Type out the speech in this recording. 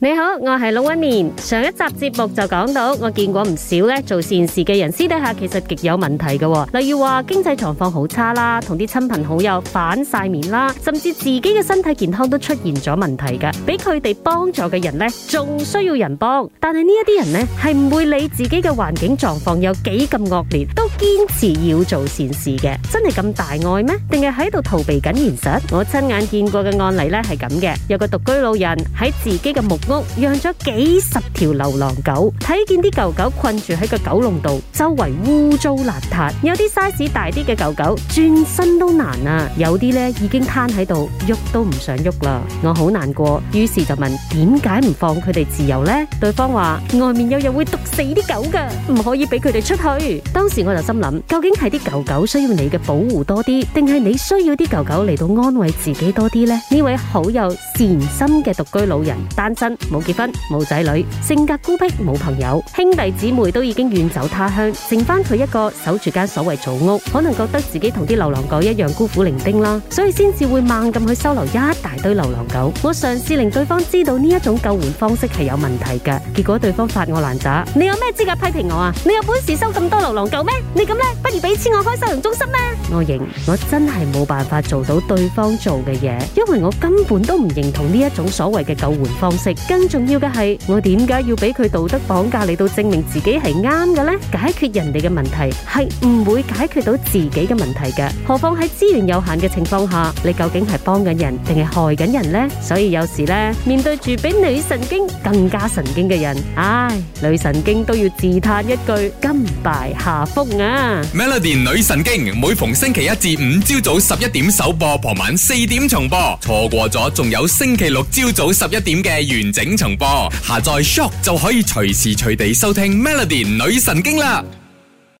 你好，我係龍紋敏。上一集節目就講到，我見過唔少做善事嘅人，私底下其實極有問題嘅、哦。例如話經濟狀況好差啦，同啲親朋好友反晒面啦，甚至自己嘅身體健康都出現咗問題嘅。俾佢哋幫助嘅人呢，仲需要人幫。但係呢一啲人呢，係唔會理自己嘅環境狀況有幾咁惡劣，都堅持要做善事嘅。真係咁大愛咩？定係喺度逃避緊現實？我親眼見過嘅案例呢，係咁嘅，有個獨居老人喺自己嘅目屋養咗幾十條流浪狗，睇見啲狗狗困住喺個狗籠度，周圍污糟邋遢，有啲 size 大啲嘅狗狗轉身都難啊，有啲咧已經攤喺度，喐都唔想喐啦。我好難過，於是就問點解唔放佢哋自由呢？對方話外面有人會毒死啲狗噶，唔可以俾佢哋出去。當時我就心諗，究竟係啲狗狗需要你嘅保護多啲，定係你需要啲狗狗嚟到安慰自己多啲呢？呢位好有善心嘅獨居老人，單身。冇結婚，冇仔女，性格孤僻，冇朋友，兄弟姐妹都已經遠走他鄉，剩翻佢一個守住間所謂祖屋，可能覺得自己同啲流浪狗一樣孤苦伶仃啦，所以先至會猛咁去收留一大堆流浪狗。我嘗試令對方知道呢一種救援方式係有問題噶，結果對方發我爛渣。你有咩資格批評我啊？你有本事收咁多流浪狗咩？你咁叻，不如俾錢我開收容中心咩？我認，我真係冇辦法做到對方做嘅嘢，因為我根本都唔認同呢一種所謂嘅救援方式。更重要嘅係，我點解要俾佢道德綁架嚟到證明自己係啱嘅呢？解決人哋嘅問題係唔會解決到自己嘅問題嘅，何況喺資源有限嘅情況下，你究竟係幫緊人定係害緊人呢？所以有時呢，面對住比女神經更加神經嘅人，唉、哎，女神經都要自嘆一句甘拜下風啊！Melody 女神經每逢星期一至五朝早十一點首播，傍晚四點重播，錯過咗仲有星期六朝早十一點嘅原。整層播，下載 Shop 就可以隨時隨地收聽 Melody 女神經啦！